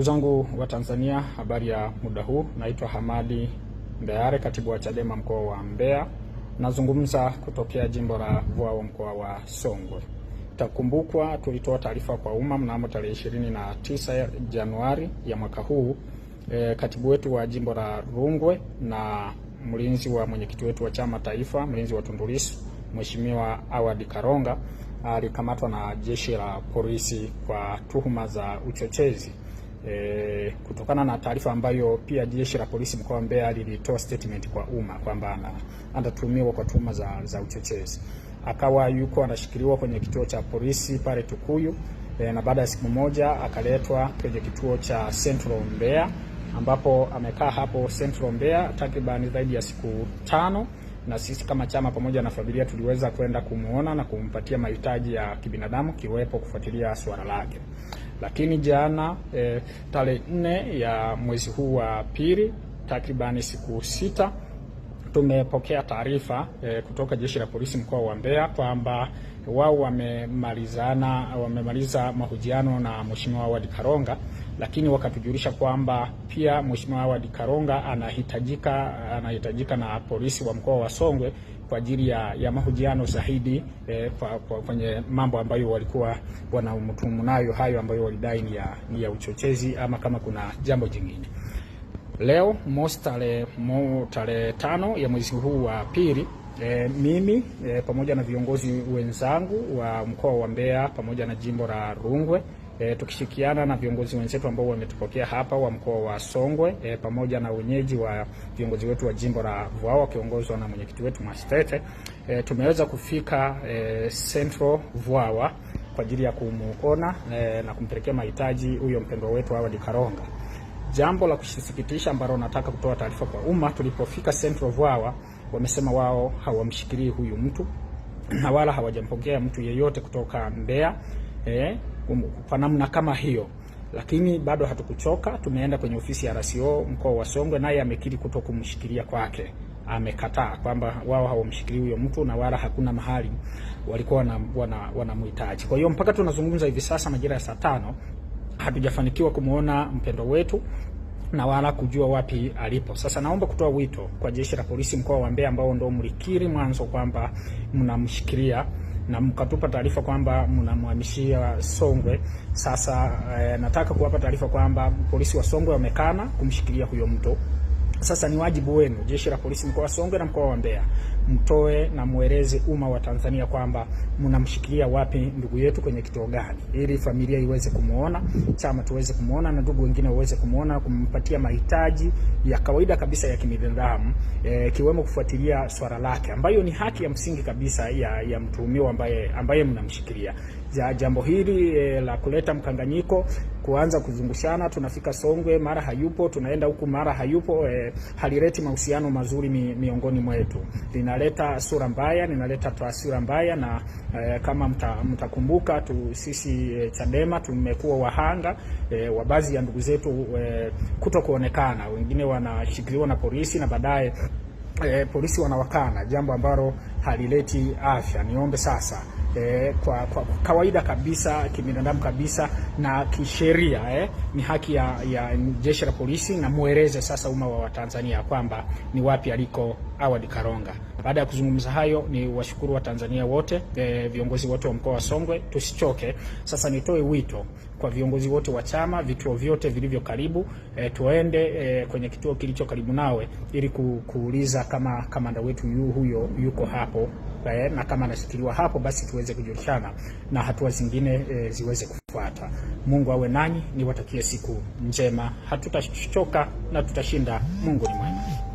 Ndugu zangu wa Tanzania, habari ya muda huu. Naitwa Hamadi Mbeare, katibu wa Chadema mkoa wa Mbeya, nazungumza kutokea jimbo la Vwao mkoa wa Songwe. Takumbukwa tulitoa taarifa kwa umma mnamo tarehe 29 Januari ya mwaka huu e, katibu wetu wa jimbo la Rungwe na mlinzi wa mwenyekiti wetu wa chama taifa, mlinzi wa Tundu Mheshimiwa Awadi Karonga alikamatwa na jeshi la polisi kwa tuhuma za uchochezi. E, kutokana na taarifa ambayo pia jeshi la polisi mkoa wa Mbeya lilitoa statement kwa umma kwamba anatuhumiwa kwa tuhuma za, za uchochezi akawa yuko anashikiliwa kwenye kituo cha polisi pale Tukuyu e, na baada ya siku moja akaletwa kwenye kituo cha Central Mbeya ambapo amekaa hapo Central Mbeya takriban zaidi ya siku tano na sisi kama chama pamoja na familia tuliweza kwenda kumwona na kumpatia mahitaji ya kibinadamu kiwepo kufuatilia swala lake. Lakini jana e, tarehe nne ya mwezi huu wa pili takribani siku sita Tumepokea taarifa e, kutoka jeshi la polisi mkoa wa Mbeya kwamba wao wamemalizana wamemaliza mahojiano na Mheshimiwa Awad Karonga, lakini wakatujulisha kwamba pia Mheshimiwa Awad Karonga anahitajika anahitajika na polisi wa mkoa wa Songwe kwa ajili ya, ya mahojiano zaidi e, kwenye mambo ambayo walikuwa wanamtuhumu nayo, hayo ambayo walidai ni ya, ni ya uchochezi ama kama kuna jambo jingine. Leo mosi tarehe tano ya mwezi huu wa pili e, mimi e, pamoja na viongozi wenzangu wa mkoa wa Mbeya pamoja na jimbo la Rungwe e, tukishirikiana na viongozi wenzetu ambao wametupokea hapa wa mkoa wa Songwe e, pamoja na wenyeji wa viongozi wetu wa jimbo la Vwawa wakiongozwa na mwenyekiti wetu Mastete e, tumeweza kufika e, Central Vwawa kwa ajili ya kumuona e, na kumpelekea mahitaji huyo mpendwa wetu Awadi Karonga. Jambo la kusikitisha ambalo nataka kutoa taarifa kwa umma, tulipofika Central Vwawa wamesema wao hawamshikirii huyu mtu na wala hawajampokea mtu yeyote kutoka Mbeya eh, um, kwa namna kama hiyo, lakini bado hatukuchoka. Tumeenda kwenye ofisi ya RCO mkoa wa Songwe, naye amekiri kuto kumshikilia kwake, amekataa kwamba wao hawamshikilii huyo mtu na wala hakuna mahali walikuwa wanamhitaji wana, wana kwa hiyo mpaka tunazungumza hivi sasa majira ya saa tano hatujafanikiwa kumwona mpendo wetu na wala kujua wapi alipo. Sasa naomba kutoa wito kwa jeshi la polisi mkoa wa Mbeya ambao ndio mlikiri mwanzo kwamba mnamshikilia na mkatupa taarifa kwamba mnamhamishia Songwe. Sasa eh, nataka kuwapa taarifa kwamba polisi wa Songwe wamekana kumshikilia huyo mtu. Sasa ni wajibu wenu Jeshi la Polisi mkoa wa Songwe na mkoa wa Mbeya, mtoe na mueleze umma wa Tanzania kwamba mnamshikilia wapi ndugu yetu kwenye kituo gani, ili familia iweze kumwona, chama tuweze kumwona, na ndugu wengine waweze kumwona, kumpatia mahitaji ya kawaida kabisa ya kibinadamu e, kiwemo kufuatilia swala lake ambayo ni haki ya msingi kabisa ya, ya mtuhumiwa ambaye, ambaye mnamshikilia za jambo hili e, la kuleta mkanganyiko, kuanza kuzungushana, tunafika Songwe mara hayupo, tunaenda huku mara hayupo e, halileti mahusiano mazuri mi, miongoni mwetu, linaleta sura mbaya, linaleta taswira mbaya na e, kama mtakumbuka mta tu sisi e, Chadema tumekuwa wahanga e, wa baadhi ya ndugu zetu e, kuto kuonekana, wengine wanashikiliwa na polisi na baadaye E, polisi wanawakana, jambo ambalo halileti afya. Niombe sasa eh, kwa, kwa, kwa kawaida kabisa kibinadamu kabisa na kisheria eh, ni haki ya, ya jeshi la polisi, na mueleze sasa umma wa Tanzania kwamba ni wapi aliko Awad Karonga. Baada ya kuzungumza hayo, ni washukuru wa Tanzania wote eh, viongozi wote wa mkoa wa Songwe, tusichoke sasa. Nitoe wito kwa viongozi wote wa chama, vituo vyote vilivyo karibu eh, tuende eh, kwenye kituo kilicho karibu nawe ili kuuliza kama kamanda wetu yu huyo yuko hapo eh, na kama anashikiliwa hapo, basi tuweze kujulishana na hatua zingine eh, ziweze kufuata. Mungu awe nanyi, niwatakie siku njema. Hatutachoka na tutashinda. Mungu ni mwema.